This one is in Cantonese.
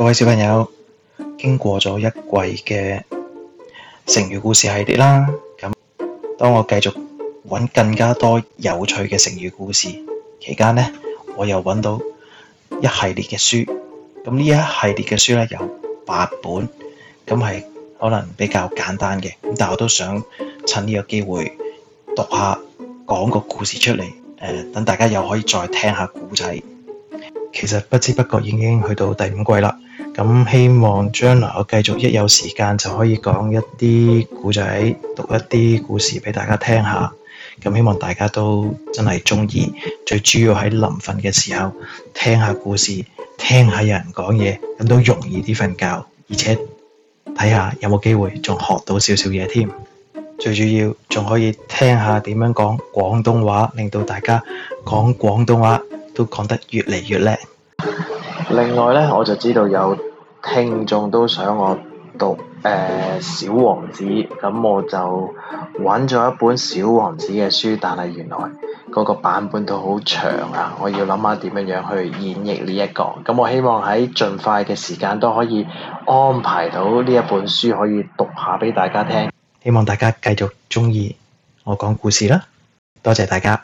各位小朋友，經過咗一季嘅成語故事系列啦，咁當我繼續搵更加多有趣嘅成語故事期間呢，我又搵到一系列嘅書，咁呢一系列嘅書呢，有八本，咁係可能比較簡單嘅，咁但我都想趁呢個機會讀下講個故事出嚟，等大家又可以再聽下古仔。其實不知不覺已經去到第五季啦。咁希望將來我繼續一有時間就可以講一啲古仔，讀一啲故事俾大家聽下。咁希望大家都真係中意，最主要喺臨瞓嘅時候聽下故事，聽下有人講嘢，咁都容易啲瞓覺。而且睇下有冇機會仲學到少少嘢添。最主要仲可以聽下點樣講廣東話，令到大家講廣東話都講得越嚟越叻。另外呢，我就知道有聽眾都想我讀誒、呃《小王子》，咁我就揾咗一本《小王子》嘅書，但係原來嗰個版本都好長啊！我要諗下點樣樣去演繹呢一個。咁我希望喺盡快嘅時間都可以安排到呢一本書可以讀下俾大家聽。希望大家繼續中意我講故事啦！多謝大家。